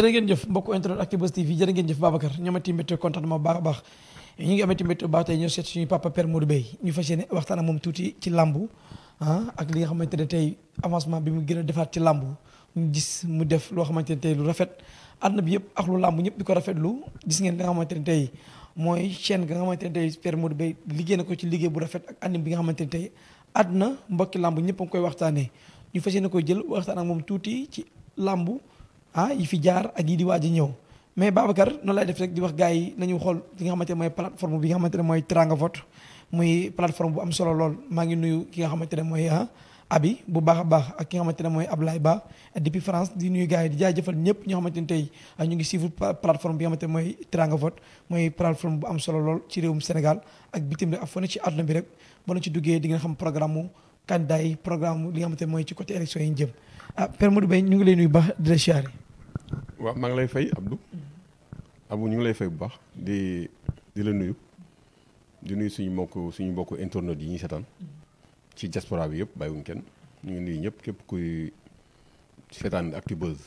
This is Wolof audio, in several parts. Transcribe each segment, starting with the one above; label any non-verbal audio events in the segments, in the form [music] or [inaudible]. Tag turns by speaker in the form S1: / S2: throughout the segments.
S1: jërë ngeen jëf mbokku internet Actubuzz TV jërë ngeen jëf Babacar ñu amati a baax ñu ngi amati mbégte bu baax tey ak moom tuuti ci ah, ak li nga xamante ne tey avancement bi mu gën a defaat ci làmbu ñu gis mu def loo xamante ne tey lu rafet àdduna bi yëpp ak lu làmb ñëpp di ko rafetlu gis ngeen li nga xamante ne tey mooy chaîne nga xamante ne tey Père Modou Beye liggéey na ko ci liggéey bu rafet ak anime bi nga xamante ne tey àdduna mbokki làmb ñëpp a koy waxtaanee ñu fas yéene koy jël waxtaan ak moom tuuti ci làmbu ah yi fi jaar ak yi di waaj ñëw mais Babacar noonu lay def rek di wax gars yi nañu xool li nga xamante ne mooy plateforme bi nga xamante mooy Teranga Vote muy plateforme bu am solo lool maa ngi nuyu ki nga xamante ne mooy ah, abi bu baax a baax ak ki nga xamante ne mooy ab Ablaye Ba depuis France di nuyu gars yi di jaajëfal ñëpp ñoo xamante ne tey ah, ñu ngi suivre plateforme bi nga xamante ne mooy Teranga Vote mooy plateforme bu am solo lool ci réewum Sénégal ak bitim rek ak ci àdduna bi rek ci duggee di ngeen xam programme candidat programme li nga xamante ne mooy ci côté élection yi ñu jëm ah Père Modou Mbaye ñu ngi lay nuyu baax di la siyaare.
S2: waaw maa ngi lay fay Abdou. abu ñu ngi lay fay bu baax di di la nuyu. di nuyu suñu mbokk suñu mbokk internautes yi ñuy seetaan. ci diaspora bi yëpp bàyyiwuñ kenn ñu ngi nuyu ñëpp képp kuy seetaan Actubuzz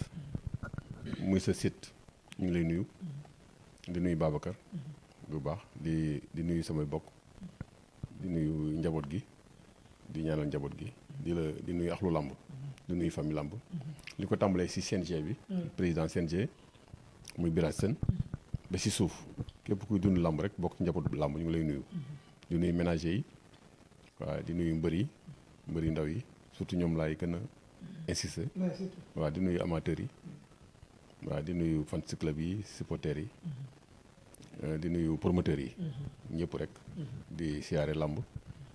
S2: muy sa site ñu ngi lay nuyu. di nuyu Babacar. bu baax di di nuyu samay bokk. di nuyu njaboot gi. di ñaanal njaboot gi di la di nuyu axlu làmb di nuyu famille làmb li ko tàmbalee si CNG bi président CNG muy Biraj Sène ba si suuf képp kuy dund làmb rek bokk ci njabootu làmb ñu ngi lay nuyu di nuyu ménager yi waaw di nuyu mbër yi mbër yi ndaw yi surtout ñoom laay gën a insister waaw di nuyu amateurs yi waa di nuyu fan si club yi supporters yi euh, di nuyu promoteurs yi ñëpp rek di siyaare làmb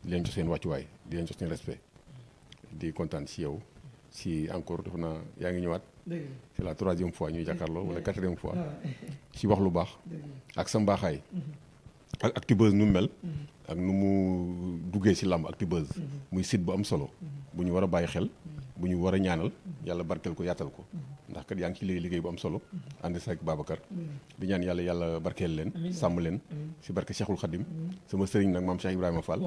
S2: di leen jox seen wàccuwaay di leen jox seen respect di kontaan si yow si encore def naa yaa ngi ñëwaat. c'est la troisième fois ñuy jàkkaarloo wala quatrième fois. si wax lu baax. ak sa mbaaxaay.
S3: Mm-hmm.
S2: ak Actubuzz nu mu mel. Mm-hmm. ak nu mu duggee si làmb Actubuzz. Mm-hmm. muy site bu am solo. bu ñu war a bàyyi xel. bu ñu war a ñaanal. yàlla barkeel ko yaatal ko. ndax kat yaa ngi ci liggéey liggéey bu am solo. ànd si ak bi ñaan yàlla yàlla barkeel leen sàmm leen si barke Cheikhul Khadim sama sëriñ nag maam Cheikh Ibrahima Fall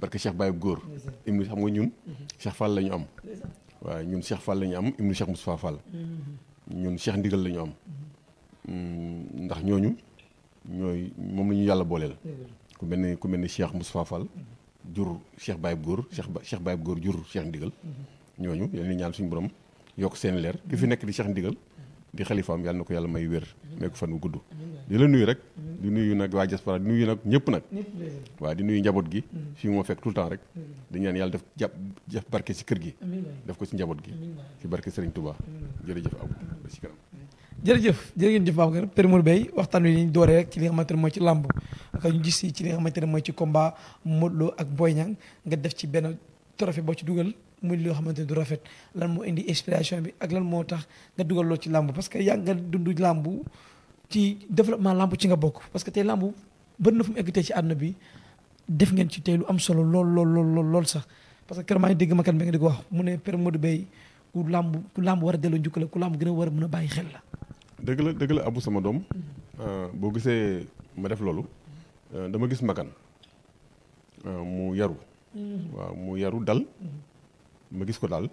S2: barke Cheikh Baye Góor ibnu xam nga mhm. ñun Cheikh Fall la ñu am waaw ñun Cheikh Fall la am ibnu Cheikh Moustapha Fall
S3: mhm.
S2: ñun Ndigal la ñu mhm. mm, ndax ñooñu ñooy moom la yàlla booleel ku mel ni ku mel ni Cheikh Moustapha Fall jur Cheikh Baye Góor Cheikh Cheikh Baye Góor jur Cheikh Ndigal ñooñu yéen ñaan suñu borom yokk seen leer ki fi nekk di Cheikh Ndigal di xalifaam yàlla na ko yàlla may wér may ko fan wu gudd di la nuyu rek di nuyu nag waa diaspora di nuyu nag ñëpp nag waaw di nuyu njaboot gi mm-hmm. fii moo fekk tout le temps rek mm-hmm. di ñaan yàlla def jàpp def barke ci kër gi def ko ci njaboot gi ci barke Serigne Touba jërëjëf aw ba ci kanam
S1: jërëjëf jërëngeen jëf Babacar Père Modou Beye waxtaan wi ñu dooree rek ci li xamante ne mooy ci làmb ak ñu gis ci li xamante ne mooy ci combat Modou Lo ak Boy Niang nga def ci benn trophée boo ci dugal muy loo xamante ni du rafet lan moo indi inspiration bi ak lan moo tax nga dugal loo ci làmb parce que yaa dundu dund làmb ci développement làmb ci nga bokk parce que tey làmb bëri na fu mu egg tey ci àdduna bi def ngeen ci tey lu am solo lool lool lool sax parce que keroog maa ngi dégg ma kat nga ngi di wax mu ne Père Modou Bey ku làmb ku làmb war a delloo njukkal ku làmb gën a war a mën a bàyyi xel
S2: la. dëgg la dëgg la abu sama doom. Euh, boo gisee ma def loolu. Euh, dama gis makan euh, mm-hmm. mu yaru. dal. Mm-hmm. ma gis ko daal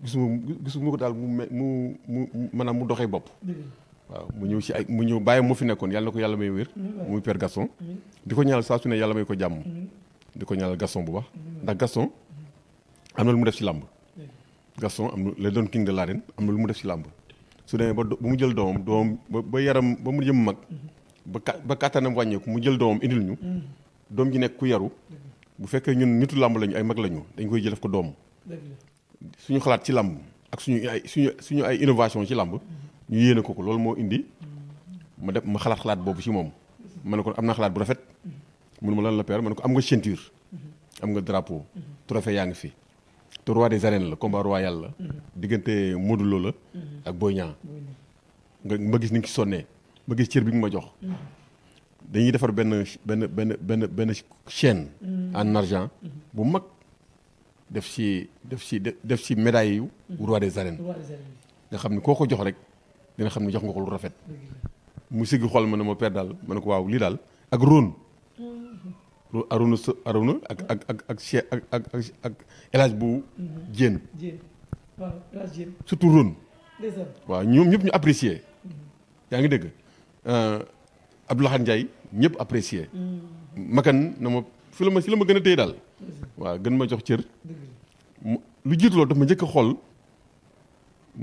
S2: gisuma gisuma ko daal mu mu mu maanaam mu doxee bopp waaw mu ñëw ci ay mu ñëw bàyyi moo fi nekkoon yàlla ko yàlla may wér mu père Gaston di ko ñaanal saa su ne yàlla may ko jàmm di ko ñaanal Gaston bu ba ndax Gaston am na lu mu def ci làmb Gaston am na le Don lu mu def ci làmb su demee ba ba mu jël doomam doom ba yaram ba mu jëm mag ba ba wàññeeku mu jël doomam indil ñu doom ji nekk ku yaru bu fekkee ñun nitu làmb lañu ay mag lañu dañ koy jël ko doom suñu xalaat ci làmb ak suñu ay suñu ay innovation ci làmb ñu yéene ko ko loolu moo indi ma def ma xalaat xalaat boobu ci moom ma ne ko am naa xalaat bu rafet munu ma lan la père ma ne ko am nga ceinture am nga drapeau trophée yaa ngi fi te roi de arènes la combat royal la diggante Modou Lo la ak Boy Niang nga ma gis ni nga ci sonnee ma gis cër bi nga ma jox dañuy defar benn benn benn benn benn chaîne en argent bu mag def ci def ci def ci médaille yu mhm. roi des arènes nga xam ne koo ko jox rek dina xam ne jox nga ko lu rafet mu siggi xool ma na ma per daal ma ne ko waaw lii daal ak ron
S3: mhm.
S2: arona sa arona ak ak ak ak che ak ak ak élage bu jéen
S1: mhm. waaw
S2: waaw ñoom ñëpp ñu apprécier yaa ngi dégg euh, Abdoulaye Ndiaye ñëpp apprécier makan na ma fi la ma si la ma gën a téye daal waaw gën ma jox cër. lu jiitu loolu daf ma njëkk a xool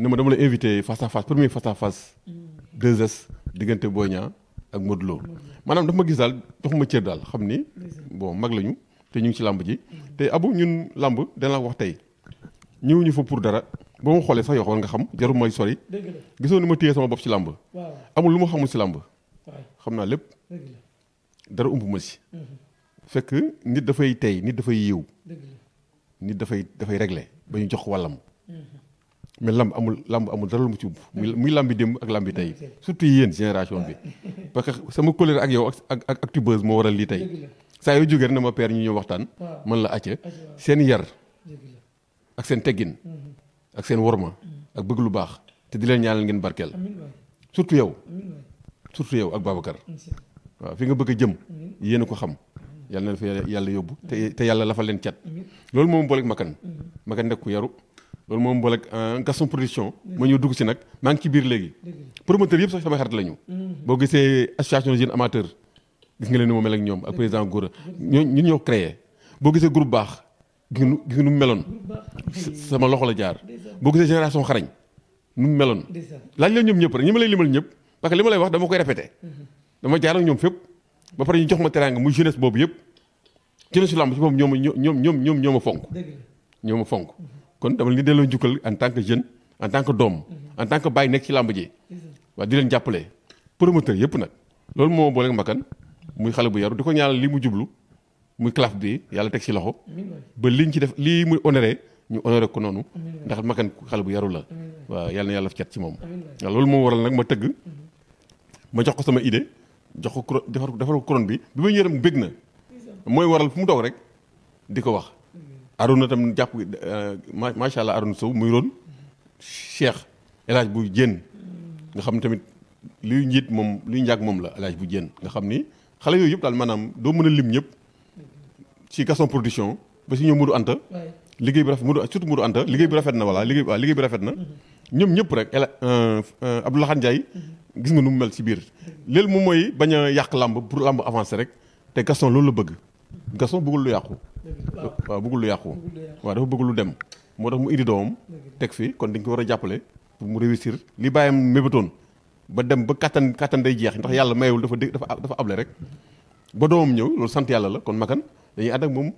S2: ne ma dama la invité face à face premier face à face. 2S ak Modou Lo maanaam daf ma gis daal jox ma cër daal xam ni. boo mag lañu te ñu ngi ci làmb ji. te abu ñun làmb dana la wax tey ñëwuñu fa pour dara. ba ma xoolee sax yoo xam nga xam jarul may sori. dëgg la gisoo ni ma téye sama bopp ci làmb. amul lu ma xamul ci làmb. xam naa lépp. dara ump ma si. fekk nit dafay tey nit dafay yiw nit dafay dafay regle ba ñu jox wallam mhm. mais lamb amul lamb amul dara lu mu ci muy muy lambi démb ak lambi tey surtout yéen génération bi [laughs] parce que sama colère ak yow ak ak actubeuse moo waral lii tey saa yoo jógee rek na ma père ñu ñëw waxtaan man la acca seen yar ak seen teggin mhm. ak seen worma mhm. ak bëgg lu baax te di leen ñaanal ngeen barkeel surtout yow surtout yow ak Babacar waaw fi nga bëgg a jëm yéen a ko xam yàlla na fa yàlla yóbbu te te yàlla lafal leen cat loolu moom booleeg makan makan nekk ku yaru loolu moom booleeg euh, Gaston production ma ñëw dugg si nag maa ngi ci biir léegi promoteur yëpp sax sama xarit la ñu boo gisee association des gis nga leen ni mu mel ak ñoom ak président Gora ñoo ñu ñëw créé boo gisee groupe baax gis nga nu mu meloon sama loxo la jaar boo gisee génération xarañ nu mu meloon laaj la ñoom ñëpp rek ñi ma lay limal ñëpp parce que li ma lay wax dama koy répété dama jaar ak ñoom fépp ba pare ñu jox ma teraanga muy jeunesse boobu yëpp jeunesse su làmb ci boobu ñoo ma ñoom ñoom ñoom ñoo fonk. ñoo ma fonk kon dama li delloo njukkal en tant que jeune en tant que doom mhm. en tant que bàyyi nekk ci làmb ji. Mhm. waa di leen jàppale promoteur yëpp nag. loolu moo boole ak muy xale bu yaru di ko ñaanal li mu jublu muy claf bi yàlla teg ci loxo ba liñ ci def lii muy honoré ñu honoré ko noonu ndax Makan xale bu yaru la waaw yàlla na yàlla def moom. loolu moo waral nag ma tëgg mhm. ma jox ko sama idée. jox ko couronne defar defar ko couronne bi bi muy ñëw tam bég na mooy waral fu mu toog rek di ko wax Arouna tam jàpp euh, macha allah Arouna Sow muy roon Cheikh El bu Dieng nga xam tamit luy njiit moom luy njaag moom la El Hadj bu Dieng nga xam ni xale yooyu yëpp daal maanaam doo mën a lim ñëpp ci Gaston production ba si ñëw Modou Anta liggéey bi rafet Modou surtout Modou Anta liggéey bi rafet na voilà liggéey bi liggéey bi rafet na mm-hmm. ñoom ñëpp rek El euh, euh, Abdoulaye Ndiaye mm-hmm. gis nga nu mu mel ci biir léegi moom mooy bañ a yàq làmb pour làmb avancer rek te Gaston loolu la bëgg Gaston bëggul lu yàqu. waaw bëggul lu yàqu. waaw dafa bëgg lu dem moo tax mu indi doomam. teg fi kon dañ ko war a jàppale pour mu réussir li bàyyam mébatoon ba dem ba kattan kattan day jeex ndax yàlla mayewul dafa dé dafa dafa able rek ba doomam ñëw loolu sant yàlla la kon makan dañuy ànd moom.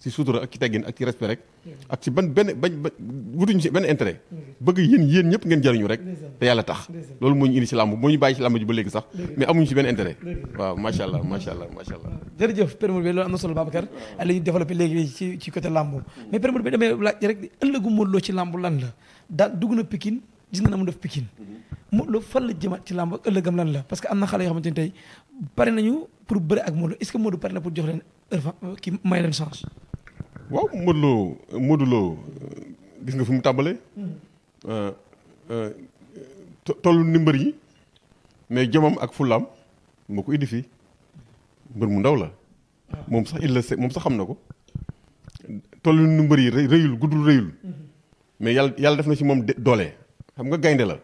S2: si sutura ak ci teggin ak ci respect rek ak ci ban benn bañ ba wutuñ ci benn intérêt mm-hmm. bëgg yéen yéen ñëpp ngeen jëriñu rek te yàlla tax loolu moo ñu indi ci làmb moo ñu bàyyi ci làmb ji ba léegi sax mais amuñu ci benn intérêt waaw macha allah macha allah macha allah
S1: jërëjëf Père Modou Bey loolu am na solo Babacar li ñu développé léegi ci ci côté làmb mm-hmm. mais Père Modou Bey laaj rek ëllëgu Modou ci làmb lan la daal dugg na Pikine gis nga na mu def Pikine
S3: mm-hmm.
S1: Modou Lo fan la jëmaat ci làmb ëllëgam lan la parce que am na xale yoo xamante ni tey pare nañu na pour jox leen euh, ki
S2: waaw Modou Lo gis nga fi mu tàmbalee. Hmm. Euh, euh, tollu ni mbër yi mais jomam ak fulaam moo ko indi fi mbër mu ndaw la. Ah. moom sax il la se moom sax xam na ko. tollu ni mbër yi rëyul guddul rëyul. Hmm. mais yàlla yàlla def na ci moom doole. xam nga gaynde la.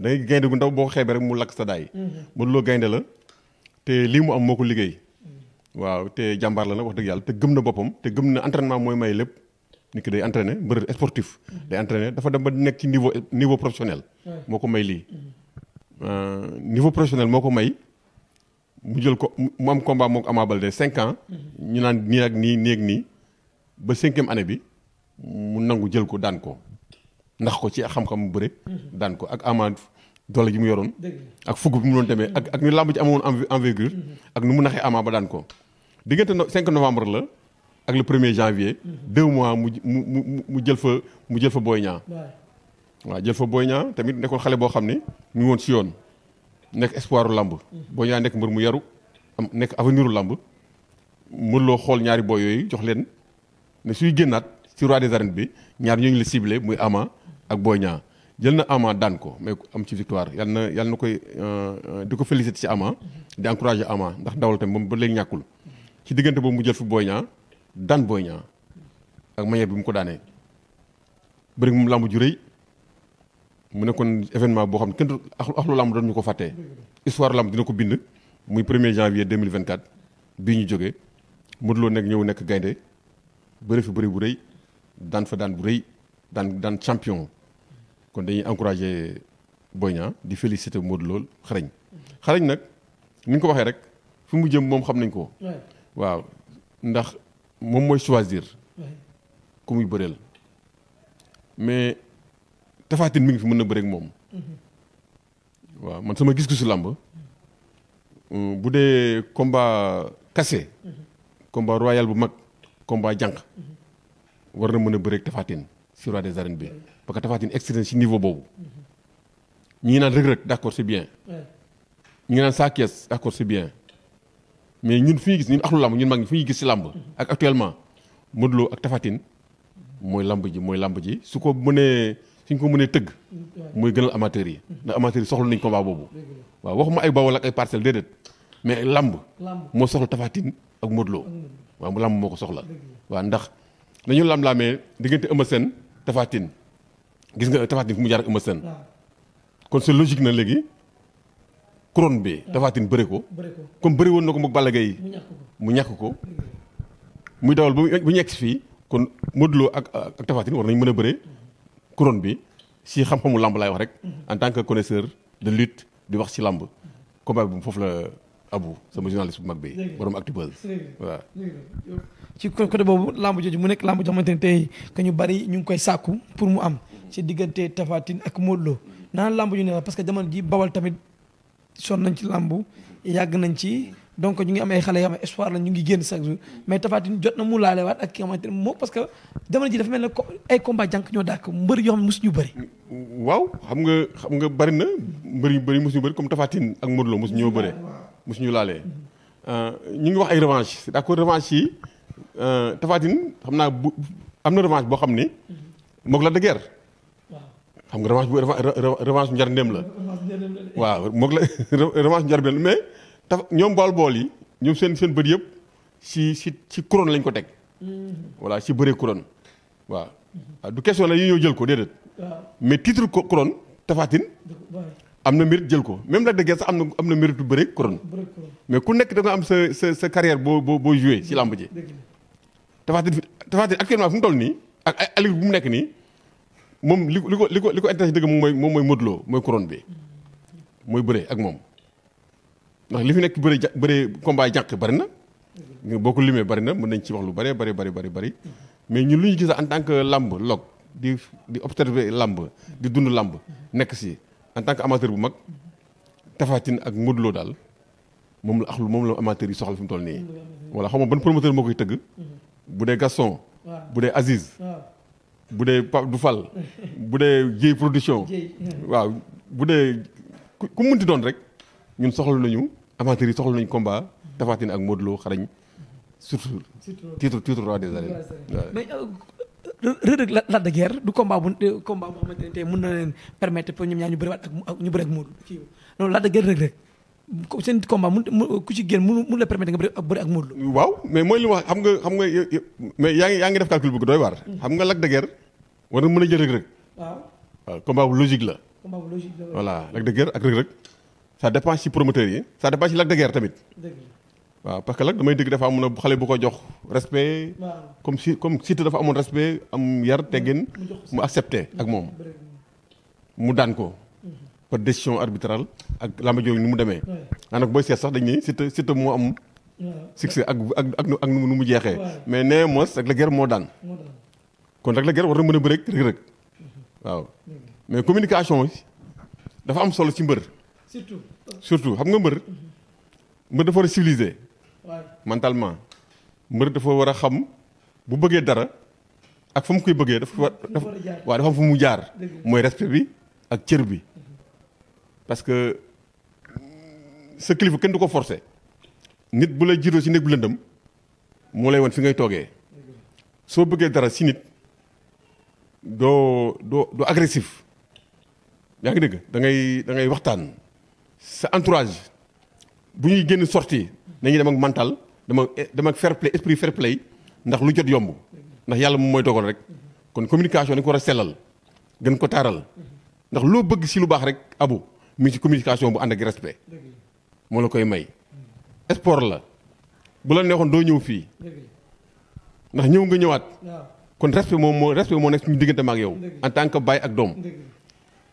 S2: da gaynde gu ndaw boo ko xeebee rek mu lakk sa daay. Hmm. Modou gaynde la te lii mu am moo ko liggéey. waaw te jàmbaar la nag wax dëgg yàlla te gëm na boppam te gëm na entraînement mooy may lépp nit ki day entraîné mbër sportif. Mm-hmm. day entraîné dafa dem ba nekk ci niveau niveau professionnel. moo ko may lii. Mm-hmm. Euh, niveau professionnel moo ko may mu jël ko mu am combat moog Ama Baldé cinq ans. Mm-hmm. ñu naan nii ak nii néeg nii ba cinquième année bi mu nangu jël ko daan ko ndax ko ci xam-xam bu bëre. daan ko ak Ama doole ji mu yoroon. ak fukk bi mu doon demee ak ak ni làmb ci amoon envergure. Mm-hmm. ak nu mu naxee Ama ba daan ko. diggante no 5 novembre la ak le 1er janvier. Mm-hmm. deux mois mu mu mu jël fa mu jël fa Boy Niang. waaw jël tamit nekkoon xale boo xam ni mu woon si yoon. nekk espoiru làmb mm-hmm. Boy Niang nekk mbër mu yaru am nekk aveniru làmb mënuloo xool ñaari booy yooyu jox leen ne suy génnaat si roi des arènes bi ñaar ñoo ngi la ciblé muy Ama ak Boy Niang jël na Ama daan ko mais am ci victoire yal na yal na koy euh, euh, di ko féliciter ci Ama. di encourager Ama ndax ndawal tamit moom ba léegi ñàkkul. ci diggante boobu mu jël fi Boy Niang daan Boy Niang ak manière bi mu ko daanee bëri moom làmb ju rëy mu nekkoon événement boo xam ne kenn axlu làmb doon ñu ko fàtte histoire làmb dina ko bind muy premier janvier 2024 bii ñu jógee Modou Lo nekk ñëw nekk gaynde bëri fi bëri bu rëy daan fa daan bu rëy daan daan champion kon dañuy encouragé Boy Niang di félicité Modou Lo xarañ xarañ nag ni ko waxee rek fi mu jëm moom xam nañ ko. waaw ndax moom mooy choisir. ku muy la mais Tapha Tine mi ngi fi mën na bëreek moom. Mm-hmm. waaw man sama gis-gisu làmb euh, bu dee combat cassé. Mm-hmm. combat royal bu mag combat jànq mm-hmm. war na mën a bëri Tapha Tine si roi des arènes bi. parce que Tapha Tine excellent ci niveau boobu ñi ngi naan Reug Reug d'accord c'est bien ñi ngi naan Sa Thiès d'accord c'est bien mais ñun fi ñu gis ñun axlu làmb ñun mag ñi fi ñu gis ci làmb ak actuellement Modou ak Tapha mooy làmb ji mooy làmb ji su ko mënee suñ ko mënee tëgg muy gënal amateur yi mm-hmm. ndax amateur yi soxla ko combat boobu waaw waxuma ay Bawol ak ay Parcelles déedéet mais làmb moo soxla Tapha ak Modou Lo mm-hmm. waaw mu làmb moo ko soxla waaw ndax dañu làmb gis nga Tapha Tine fu mu jaar ak Eumeu Sène kon c'est logique na léegi couronne bi Tapha Tine bëre ko comme bëri woon na ko moog Balla Gaye mu ñàkk ko muy dawal bu ñu egsi fii kon Modou Lo ak ak Tapha war nañ mën a bëre couronne bi si xam-xamu lamb laay wax rek mhm. en tant que connaisseur de lutte di wax si lamb combat bi foofu la Abou sama journaliste bu mag bi borom Actubuzz waaw
S1: ci côté boobu lamb jooju mu nekk lamb joo xamante ne tey que ñu bari ñu ngi koy sàkku pour mu am ci diggante Tapha ak Modou Lo naan lamb ju ne la parce que jamono ji bawal tamit sonn nañ ci lamb yàgg nañ ci donc ñu ngi am ay xale yoo xam ne ñu ngi génn chaque jour mais Tapha Tine mu laalewaat ak nga parce que jamono ji dafa mel ne ay combat jànk ñoo dàkk mbër yoo xam ne mosu ñu bëri
S2: waaw xam nga xam nga bëri na mbër yu bëri mosu ñu bëri comme Tapha ak Modou Lo mosu ñoo bëree mosuñu laalee. Euh, ñu ngi wax ay revanche c' est d' accord revanche yi euh, Tapha xam naa bu am na revanche boo xam ni. moog la de guerre. xam nga revanche bu revanche njar la. waaw moog la revanche njar mais taf ñoom bool bool yi ñoom seen seen bët yëpp si si si couronne lañ ko teg. Mm-hmm. voilà si bëree couronne waaw. Mm-hmm. Ah, du question la yi ñoo jël ko déedéet. mais titre couronne Tapha am na mérite jël ko même Lac de Guiers sax am na am na mérite bu bëri couronne mais ku nekk da nga am sa sa sa boo boo boo joué ci làmb ji. Tapha Tine Tapha Tine actuellement fu mu nii ak ay allure bu mu nekk nii moom li li ko li ko li moom mooy moom mooy Modou mooy couronne bi mooy bëree ak moom ndax li fi nekk bëree ja bëree combat jànq bari na. boo ko limee bari na mën nañ ci wax lu bëree bari bari bari bari mais ñun lu ñu gis en tant que làmb log di di observer làmb di dund làmb nekk si. en tant que amateur bu mag Tapha ak Modou daal moom la axlu moom la amateur yi soxla fi mu toll nii. voilà xaw ma ban promoteur moo koy tëgg. bu dee Gaston. bu dee Aziz. bu dee Pape Dufal. bu dee Dieye production. waaw bu dee ku mu munti doon rek ñun soxla nañu amateur yi soxla nañu combat Tapha Tine ak Modou Lo xarañ surtout. surtout titre titre roi Reug Reug
S1: Lac de Guiers du combat bu combat boo xamante ne tey mën na leen permettre pour ñoom ñaar ñu ku ci génn mu mu la permettre nga bëri ak bëri
S2: mooy li wax xam nga xam mais yaa yaa ngi def calcul bu doy waar hmm. xam nga Lac de Guiers war a jël Reug Reug waaw waaw bu logique la combat bu logique la de Guiers ak Reug Reug ça dépend ci promoteurs yi sa dépend ci Lac de Guiers tamit waaw parce que nag damay dégg dafa am na xale bu ko jox respect. comme si comme Siteu dafa amoon respect am yar teggin mu accepté ak moom mu daan ko. Mm-hmm. par décision arbitrale ak lamba jooju ni mu demee. waaw ah, nag booy seet sax dañ ne Siteu Siteu moo am. succès ak ak nu mu jeexee. mais nee mos rek la guerre moo daan. kon rek la guerre war na mën a bëreeg Reug Reug mm-hmm. waaw mm-hmm. mais communication dafa am solo ci mbër. surtout xam nga mbër mbër dafa war a mentalement mbër dafa war a xam bu bëggee dara ak fa mu koy bëggee dafa war dafa am fu mu jaar mooy respect bi ak cër bi parce que sa kilifa kenn du ko forcer nit bu la jiitoo si néeg bu lëndëm moo lay woon fi ngay toogee soo bëggee dara si nit doo doo doo agressif yaa ngi dégg da ngay da waxtaan sa entourage bu ñuy génn sorti nañu dem ak mantal dama dem ak fair play esprit fair play ndax lu jot yomb ndax yàlla moom mooy dogal rek kon communication dañ ko war a sellal gën ko ndax loo bëgg si lu baax rek abu mi ci communication bu ànd ak moo la koy may. sport la bu la neexoon doo ñëw fii ndax ñëw nga ñëwaat kon respect moom moo respect moo nekk suñu diggante ma ak yow en tant que baay ak doom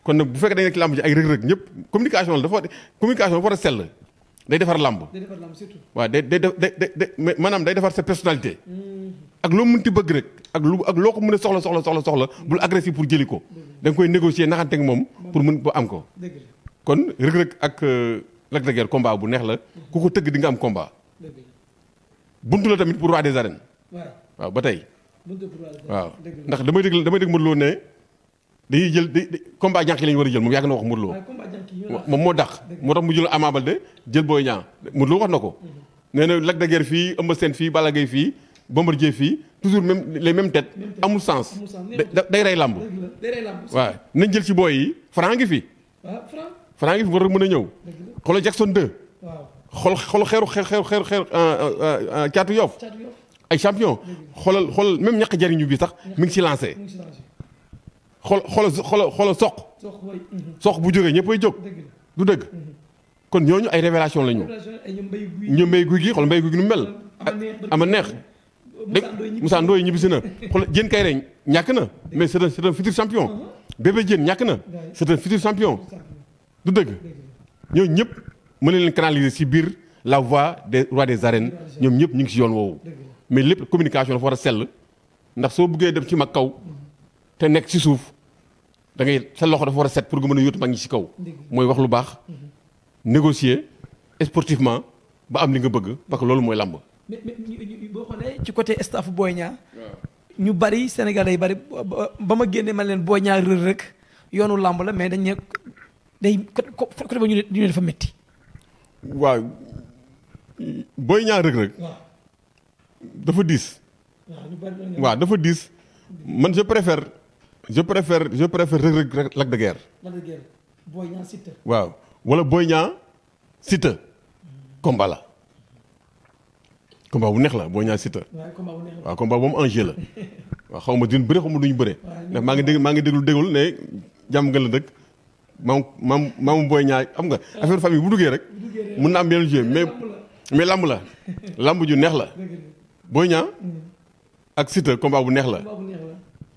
S2: kon nag bu fekkee dañ nekk làmb ji ay ñëpp communication la dafa communication dafa war a sell. day defar làmb
S1: day defar làmb surtout.
S2: day day day day maanaam day defar sa personnalité.
S3: Mm-hmm.
S2: ak loo ti bëgg rek ak lu ak loo ko mën a soxla soxla soxla soxla bul agressif pour jëli ko. da koy négocier naxante ak moom pour mën ba am ko. kon Reug Reug ak euh, Lac de Guiers bu neex la ku ko tëgg di nga am combat. buntu la tamit pour roi de arènes. waaw ba tey. waaw ndax damay dégg damay dégg Modou Lo ne. dañuy jël di combat jànq yi la ñu war a jël moom yàgg na ko Modou Lo ah, moom moo dàq moo tax mu jël Ama Baldé jël Boy ñaa Modou Lo wax na ko mm-hmm. nee na Lac de seen fii Eumeu fii Balla Gaye fii fii toujours même les mêmes têtes amul sens day rey làmb waaw nañ jël ci booy yi Franc ngi fi ah, Franc ngi fi war a mën a ñëw xoolal Jackson 2 xool xool xeeru xeeru xeeru xeeru euh, euh, euh, caatu Yoff ay champion xoolal xoolal même ñàkk jariñu bi sax mu ngi ci lancé xol xolo xolo soq.
S3: Mhm.
S2: soq bu jógee ñëppay jóg. du dëgg mhm. kon ñooñu ay révélation la ñu. ñu mbéy guy gi xool mbéy guy gi nu mu mel.
S3: ama neex dégg Moussa Ndoye ñibbisi na xool
S2: Diène Kairé ñàkk na mais c'est un c'est un futur jéen uh-huh. Bébé ñàkk na c'est un futur champion. du dëgg ñooñu ñëpp mën na leen canaliser ci biir la voix des rois des arènes ñoom ñëpp ñu ngi ci yoon woowu. mais lépp communication dafa war a sell ndax soo buggee dem ci mag kaw mm-hmm. te nekk ci suuf. da ngay sa loxo dafa war a set pour nga mën a yóotu mag ñi ci kaw. mooy wax lu baax. Mhm. négocier sportivement ba am li nga bëgg parce que loolu mooy làmb. mais
S1: mais boo xoolee ci côté staff Boy Niang ñu bari Sénégalais yi bari ba ma génne ma leen Boy ñaar Reug Reug yoonu làmb la mais dañ ne day côté
S2: ba ñu ne dafa métti. waaw Boy Niang Reug Reug. dafa diis. waaw dafa diis man je préfère. je préfère je préfère Reug Reug rek Lac de de
S1: Guiers
S2: waaw wala booy ñaa Siteu. combat la. bu neex la Boy Niang Siteu.
S3: waaw combat bu neex la
S2: waaw enjeu la. waaw xaw ma duñ bëre xaw ma ñu bëre. ndax maa ngi dégg maa ngi déglu déglu ne jàmm nga la dëkk. maam maam maamu booy Niang xam nga affaire famille bu duggee rek. mun na am benn jeu mais mais lamb la. [laughs] lamb ju neex la. booy Niang mm. ak Siteu combat bu neex la.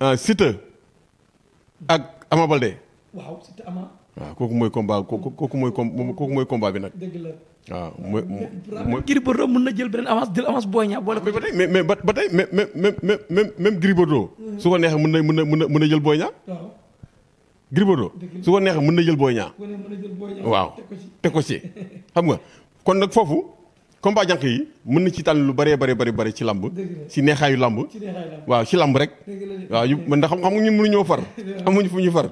S2: ah ak Ama Baldé. waaw kooku mooy combat kooku kooku mooy com kooku mooy combat bi nag. dëgg la waaw mooy. mooy Gris Bordeaux na jël beneen avance jël avance Boy Niang boole ko. mais ba tey mais mais ba ba tey même même même même su ko neexee mën na mën na mën na mën na jël Boy Niang. waaw Gris su ko neexee mën na jël Boy Niang. waaw teg ko ci. xam nga kon nag foofu. combat yi mën na ci tànn lu bëree bëri bëri bëri ci lamb ci neexaayu lamb waaw ci lamb rek waaw yu mën xam xam mu ñun mënuñoo far amuñu ñu far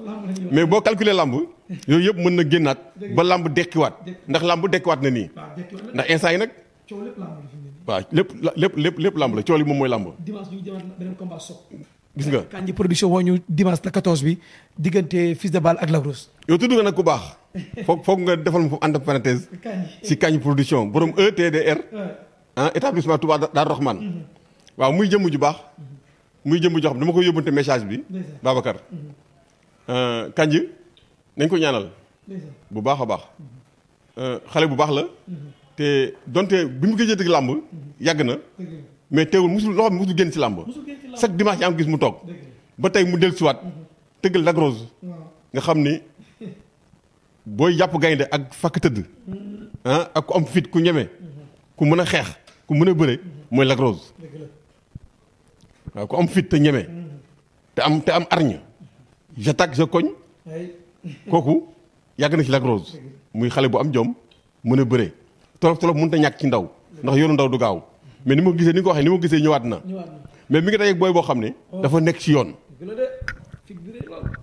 S2: mais boo calculer lamb yooyu yëpp mën na génnaat ba lamb dekkiwaat ndax lamb dekkiwaat na nii ndax instant yi nag waaw lépp lépp lépp lépp lamb la cool yi moom mooy lamb gis nga kanji production
S1: woo ñu dimanche la 14 bi diggante Fils de Balla ak Lac Rose
S2: yow tudd nga nag ku baax foog foog nga defal ma foofu entre parenthèse si kañ production borom ETDR ah établissement Touba Darou Rahman mm-hmm. waaw muy jëmm ju baax mm-hmm. muy jëmm joo xam dama ko yóbbante message bi Babacar
S3: mm-hmm.
S2: euh, kanj nañ ko ñaanal bu baax a baax euh, xale bu baax la te donte bi mu gëjee dëgg làmb yàgg na mais teewul musul loo xam musul génn ci làmb chaque dimanche yaa am gis mu toog ba tey mu dellusiwaat tëggal lagrose nga xam ni booy jàpp gaynde ak fakk tëdd ah, ak ku am fit ku ñeme ku mën a xeex ku mën a bëre mooy Lac Rose waaw ku am fit te ñeme te am te am arñe j'attaque je koñ kooku yàgg na ci Lac Rose muy xale bu am jom mën a bëre tolof tolof mënut a ñàkk ci ndaw ndax yoonu ndaw du gaaw mais ni ma gisee ni nga ko waxee ni ma gisee ñëwaat na mais mi ngi dajeeg booy boo xam ne oh. dafa nekk ci yoon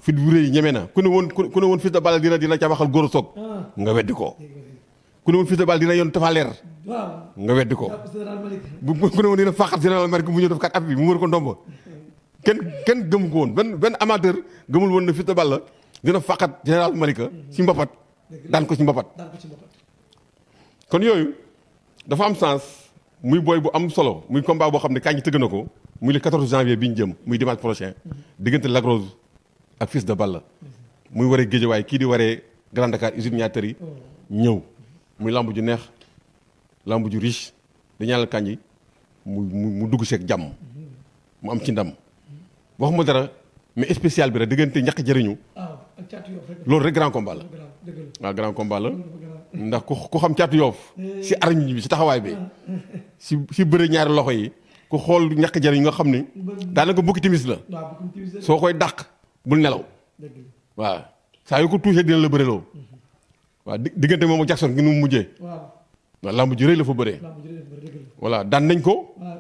S2: fit bu rëy ñeme na ku ne woon ku ne woon Fils de Balla dina dina cabaxal góor soog ah. nga ko ku ne dina yoon Tapha Leer nga ko bu ku ne woon dina faaxat mu def kat at bi mu ko ndomb kenn kenn gëmu ko woon benn benn amateur gëmul woon na Fils de Balla dina faaxat général Malick ci mbapat daan ko ci mbapat kon yooyu dafa am sens muy booy bu am solo muy combat boo xam ne kañ tëgg na ko muy le 14 janvier bi ñu jëm muy dimanche prochain diggante Lac ak fils de Balla muy waree Guédiawaye kii di waree Grand Dakar usine ñaatari ñëw muy lamb ju neex lamb ju riche di ñaanal Kandji mu mu dugg seeg jàmm mu am ci ndam wax ma dara mais spécial bi rek diggante ñàkk jariñu ah, loolu rek grand la waaw grand la ah, ndax ku ku xam caatu yoof eh. si arañ bi si taxawaay bi ah. si si bëre ñaari loxo yi ku xool ñàkk jëriñu nga xam ni daanaka bukki timis la soo koy dàq bul nelaw waaw saa yu ko touché dina la bëreloo waaw diggante moom mu Jackson gi nu mu mujjee.
S3: waaw
S2: lamb ji la fa bëree. voilà daan nañ ko.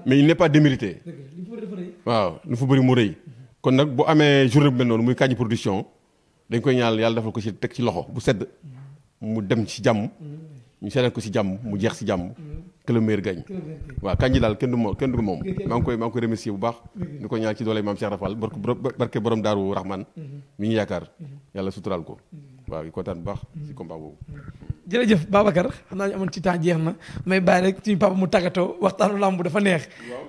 S2: mais il n'est pas waaw lu fa bëri mu rëy. kon nag boo amee journée bu mel noonu muy Kandji production dañ koy ñaanal yàlla defal ko ci teg ci loxo bu sedd mm-hmm. mu dem ci jàmm mm-hmm. ñu seddal ko ci jàmm mu jeex ci jàmm. Mm-hmm. que le meilleur gagne waaw kañ ji daal kenn du moom kenn du moom maa ngi koy maa ngi koy remercier bu baax ni ko ñaan ci doole maam Cheikh Rafal barke borom daaru Rahman mhm. mi ngi yaakaar mhm. yàlla suturaal ko mhm. waaw kontaan bu baax si combat boobu
S1: jërëjëf Babacar xam naa ñu amoon ci temps jeex na may bàyyi rek suñu papa mu tàggatoo waxtaanu làmb dafa neex.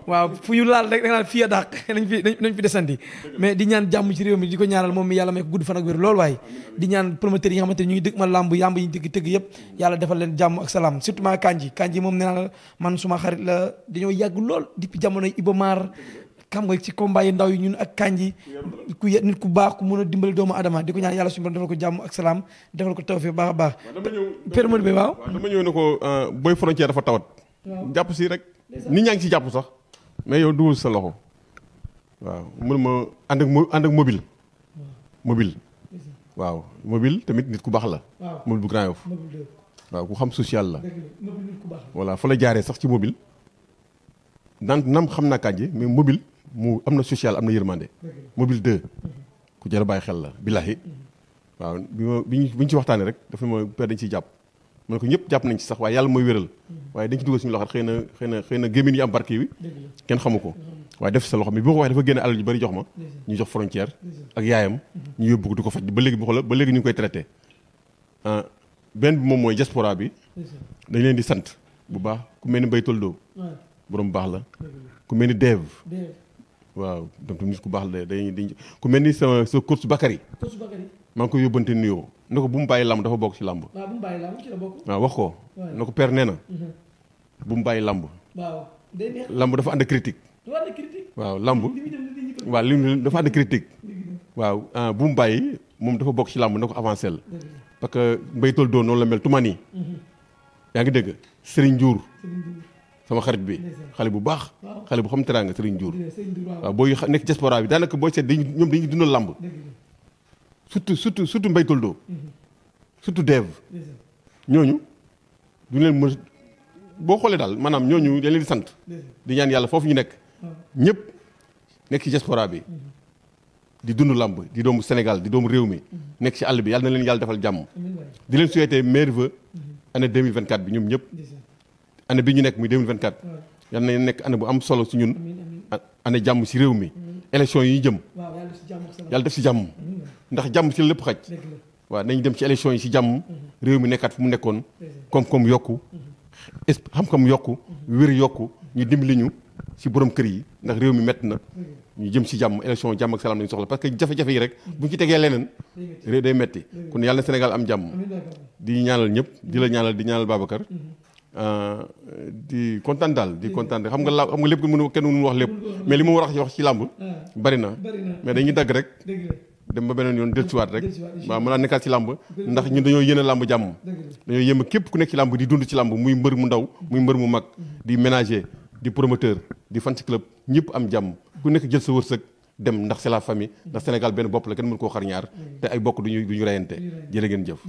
S1: waaw fu laal rek da nga naan fii a [laughs] fi nañ desandi. mais di ñaan jàmm ci réew mi di ko ñaanal moom mi yàlla may ko gudd fan ak wér lool waaye. di ñaan promoteur yi nga xamante ne ñu ngi dëkk ma làmb yàmb yi ñu dëgg tëgg yëpp yàlla defal leen jàmm ak salaam surtout maa Kanji Kanji moom nee naa man suma xarit la dañoo yàgg lool depuis jamono Ibomar xam nga ci combat yi ndaw yi ñun ak kanji ku nit ku baax ku mun a dimbali doomu adama di ko ñaan yàlla suñu borom defal ko jàmm ak salaam defal ko tawfeex baax a baax
S2: permode bi waaw dama ñëw ne ko euh, Boy Frontière dafa tawat jàpp si rek nit ñaa ngi si jàpp sax mais yow dugal sa loxo waaw mun ma ànd ak mobil mobil waaw mobile tamit nit ku baax la mobile bu Grand Yoff waaw ku xam social la voilà fa la jaaree sax ci mobile naan nam xam naa kanji mais mobile mu am na social am na yërmande mobile 2 ku jar bàyyi xel la billaxi waaw bi ma bi ñu ci waxtaanee rek daf ne ma père dañ ciy jàpp ma ne ñëpp jàpp nañ ci sax waaye yàlla mooy wéral waaye dañ ci dugal suñu xëy na xëy na xëy na gémmiñ yi am barke wi xamu ko waaye def sa loxo bi ma ko waxee dafa génne alal yu bari jox ma ñu jox frontière ak yaayam ñu yóbbu di ko faj ba léegi bi xoolal ba léegi ñu ngi koy traité ah, benn moom mooy diaspora bi dañ leen di sant bu baax ku mel ni Bay Toldo borom baax la ku mel ni Dave waaw donc nit ku baax la ku mel ni sa sa coach Bakary. coach Bakary. yóbbante nuyoo ne bu mu bàyyi làmb dafa bokk ci waaw bu waaw wax ko. ne ko père na. Mhm. bu mu bàyyi làmb.
S1: waaw day
S3: neex. làmb dafa ànd critique. dafa
S2: waaw làmb. Ah, bu mu bàyyi moom dafa bokk ci lamb na ko avancé la. parce que mbaytool doon noonu la mel Toumani. Mhm. yaa ngi dégg Serigne Ndiour. sama xarit bi xale bu baax xale bu xam teraanga sëriñ Ndiour waaw booy nekk diaspora bi daanaka booy seet dañuy ñoom dañuy dundal làmb surtout surtout surtout Mbaye Toldo mhm. surtout Dev ñooñu duñ leen mën boo xoolee daal maanaam ñooñu dañ leen di sant di ñaan yàlla foofu ñu nekk ñëpp nekk ci diaspora bi mhm. di dund làmb di doomu Sénégal di doomu réew mi mhm. nekk ci àll bi yàlla na leen yàlla defal jàmm di leen souhaiter meilleurs vœux année 2024 bi ñoom ñëpp année bi ñu nekk muy 2024 yal na nekk année bu am solo si ñun année jàmm si réew mi élection yi jëm yàlla def si jàmm ndax jàmm si la lépp xaj waaw nañ dem ci élection yi si jàmm mhm. réew mi nekkaat fu mu nekkoon koom-koom yokku mhm. xam-xam yokku mhm. wér yokku ñu dimbali ñu si borom kër yi ndax réew mi métti na ñu jëm si jàmm élection jàmm ak salaam lañu soxla parce que jafe-jafe yi rek bu ñu ci tegee leneen réew day métti kon yàlla na Sénégal am jàmm di ñaanal ñëpp di la ñaanal di ñaanal Babacar Euh, di kontaan daal di mm. kontaan xam nga la xam nga lépp mënu kenn mënu wax lépp mm. mais li ma war a wax ci làmb mm. bari na mais dañuy dagg rek dem ba beneen yoon dellusiwaat rek waaw mën a nekkaat ci làmb ndax ñu dañoo yéene làmb jàmm dañoo yéem képp ku nekk ci làmb di dund ci làmb muy mbër mu ndaw muy mbër mu mag di ménager di promoteur di fan club ñëpp am jàmm ku nekk jël sa wërsëg dem ndax c'est la famille ndax Sénégal benn bopp la kenn mënu koo xar ñaar te ay bokk du ñu reyante jërë ngeen jëf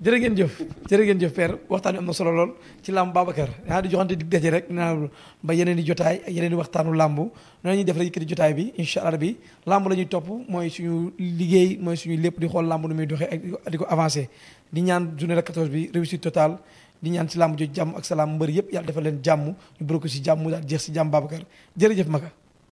S1: jërë ngeen jëf jërë jëf père waxtaan wi am na solo lool ci làmb Babacar yaa di joxante dig daje rek nee naa ba yeneen i jotaay ak yeneen i waxtaanu làmb noonu la ñuy def rek yëkkati jotaay bi incha allah bi làmb la ñuy topp mooy suñu liggéey mooy suñu lépp di xool làmb nu muy doxee ak di ko avancé di ñaan journée la 14 bi réussite total di ñaan ci làmb jooju jàmm ak salaam mbër yëpp yàlla defal leen jàmm ñu bëri si jàmm daal jeex si jàmm Babacar jërëjëf Maka